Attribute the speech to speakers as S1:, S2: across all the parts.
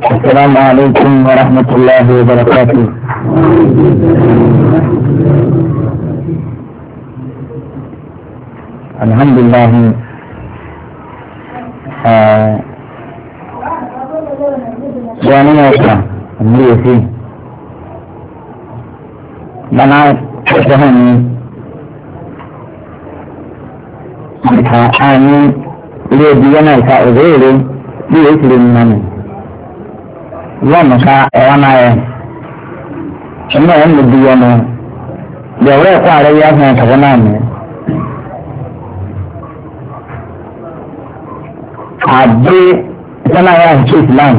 S1: السلام عليكم ورحمة الله وبركاته الحمد لله سواني نوكا اللي فيه بنا تفهمي آمين ليه ليبينا الفائضين ليسلم منه wọn ka ẹwà náà yẹ ẹnna wọn lè bi yẹ no deɛ wɔrɛ kɔ ara yi ahɛn tɔgɔ náà mi ade ɛsɛn a yɛ ahyɛ islam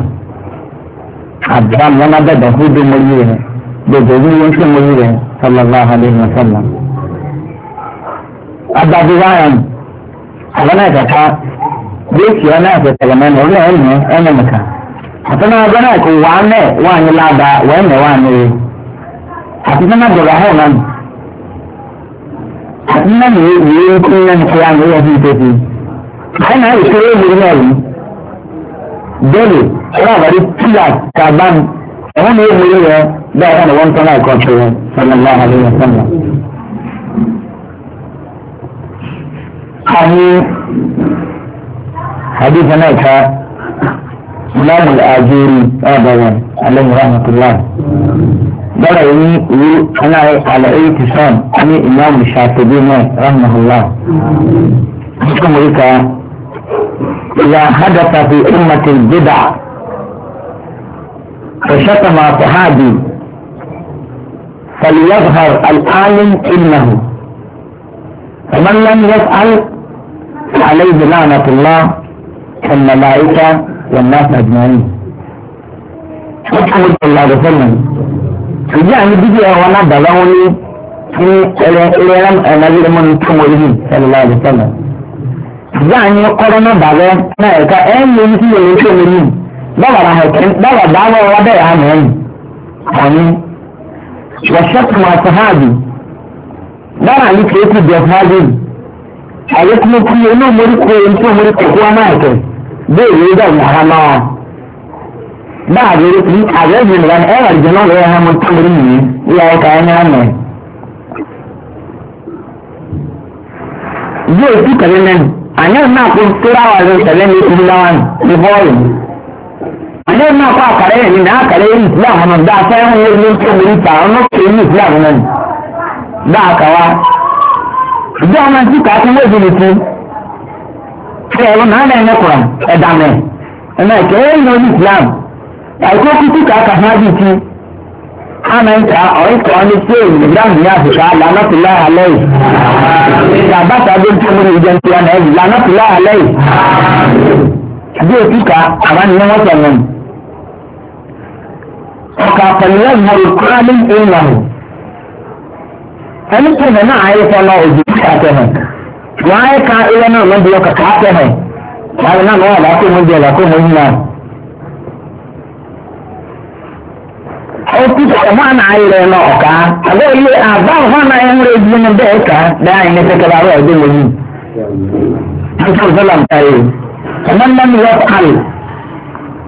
S1: abraham wọn abɛ dɔfo bi mo yi yɛ bɛbɛ bi wɔn nso mo yi yɛ sallallahu alayhi wa sallam abadi wayan abana kaka bi esi ɔna ɛsɛ tɛgɛmɛ na ɔna ɛnyɛ ɛnyɛ mɛka àtẹnà ọgbẹ náà kò wà á lada, wà ní lába wà á mẹ wà ní rẹ àti nínú àgbàgbà hàn náà àti nínú àmì ìwé kún náà ní kíláà ní ẹbí ìtẹ́sí báyìí náà ìṣòro ìlú náà rí bẹ́ẹ̀ ọ̀rọ̀ àbárí tíyà kàbán ẹ̀wọ́n ní ìwé rẹ bẹ́ẹ̀ ká ní wọ́n tán láì kọ́ tó rẹ sọlọ́lá àlẹ́ sọlọ́. àmì àdìsẹ́ náà ká. فلان الآجوري أبدا آه، عليه رحمة الله بلا يمي أنا على أي تسان أنا إمام الشافعي رحمه الله حكم ريكا إذا حدث في أمة البدع فشتم صحابي فليظهر العالم إنه فمن لم يفعل عليه لعنة الله والملائكة والناس أجمعين محمد صلى الله عليه وسلم ìdí àwọn bíbí ẹ̀ wọn nàbà láwọn ní ní ẹlẹ́rán ẹ̀nàlẹ́ mọ́ ní tó wọlé yìí sẹ́lẹ̀ láàrin sẹ́lẹ̀ ìdí àwọn kọ́rọ́ nàbà lẹ́ náà ẹ̀ka ẹ̀ ń lé ní sí ìwé tó wọlé yìí bọ́wọ̀ náà ẹ̀kẹ́ bọ́wọ̀ dáwọ́ ọ̀rọ̀ bẹ́ẹ̀ àmì ẹ̀yìn àmì wàṣẹ́kùn àtàhàbì bọ́wọ̀ àmì kìí ti bẹ̀ fáájì àyẹ̀kùn kúrò inú mórí kúrò inú mórí kòkó náà ẹ̀kẹ́ béèrè ó dàgbà ara máa wọn báàgì ní àgbẹ̀jì nìkan ní ẹ̀rọ ìjọ náà lọ́wọ́ ẹ̀hán mú tábìlì yìí ìyá ọkà ẹ̀yán àmì. bí òtún kẹlẹ náà àyẹ̀wò náà kó tóra wà ló kẹlẹ ní ìlú náà ní bọ́ọ̀lù àyẹ̀wò náà kó àkàrà yẹn ní náà àkàrà yẹn ní ìlú àwọn náà dáa fẹ́ ọ̀nà ìlú àwọn ṣe ẹ̀rọ náà náà ẹ̀mẹ́ kura ẹ̀dá mẹ́ ẹ̀mẹ́ ẹ̀kẹ́ ẹ̀yìn ní islam àìkó kúkú kàkà fún ábí ti àmẹ́ǹkà ọ̀ìkọ̀ ọ́ni sí èyí ìdáhùn ní àfìkà lánàfìlà àlẹ́ yìí ìyàbátà dé tí mo rí ìjẹun ti ọ̀nà ẹ̀yìn lánàfìlà àlẹ́ yìí bí òkú ká àwọn ni wọ́n sọ wọn. ọ̀kà pẹ̀lú ẹ̀mọ̀rọ̀ kúrá ní ìlànà ẹni tó nà náà ayé fọlọ́ òjò kí wàá ka ilé náà lọ́dí ọkà káàkẹ́ hàn láti náà wà láti mú jẹ láti mú yín náà. ó ti sọ̀rọ̀ wọn náà ayé rẹ̀ náà ọ̀ká àbẹ́ ilé àbá wọn náà ń rẹ̀ jí ní bẹ́ẹ̀ ká dáhà ní sẹ́kẹ̀rẹ̀ àrọ̀ ọ̀dọ́ wọn yìí. nípa ìfọlá ń tayé ọmọ náà ní wọ́n kàlù.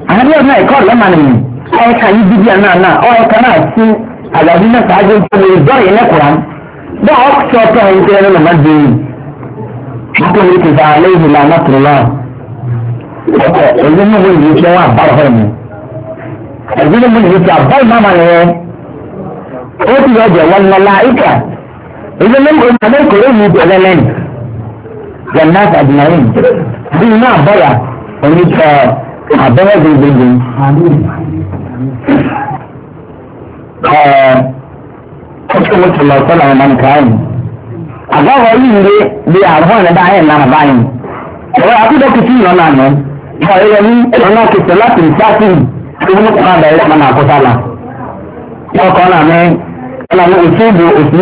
S1: àbẹ́ náà ẹ̀kọ́ lọ́mà nìyí ọ̀ọ́ka yìí bíbí àná náà ọ̀ọ́ka náà sí àgbàdì náà sáájú ìjọba ìjọ nítorí ti fa alẹ́ ìlú lànà tó lọ.
S2: ọkọ ẹgbẹ́ mi wọ́n yìí tí wọ́n àbáwọ̀ fẹ́
S1: mi. ẹgbẹ́ mi yìí tí àbáwọ̀ máma yẹn ó ti yọ jẹ wọn lọ́la ìkà ẹgbẹ́ mi wọ́n àbẹ́ kòró yìí tẹ̀lé lẹ́nu. jẹ̀nà àdìmọ́yìn bí iná àbọ̀yà òní tẹ àbẹ́wẹ́ gbẹgbẹgbẹ. ọ̀ọ́ ọ̀ṣun mo ti lọ sọ́la ọ̀nà nǹkan yìí àgbàwọ̀ yìí lé bí àrùn ọ̀nà dáhẹ́ ìlànà báyìí ọ̀rọ̀ àkúdọ̀kìtì ìlànà nù ìfọ̀ ẹ̀yẹ ní ìlànà kìtì láti ìfásì ìfún kọ́nà bẹ̀rẹ̀ kọ́nà àkọ́sálà ọkọ̀ náà ní ọ̀nà òṣèlú òṣèlú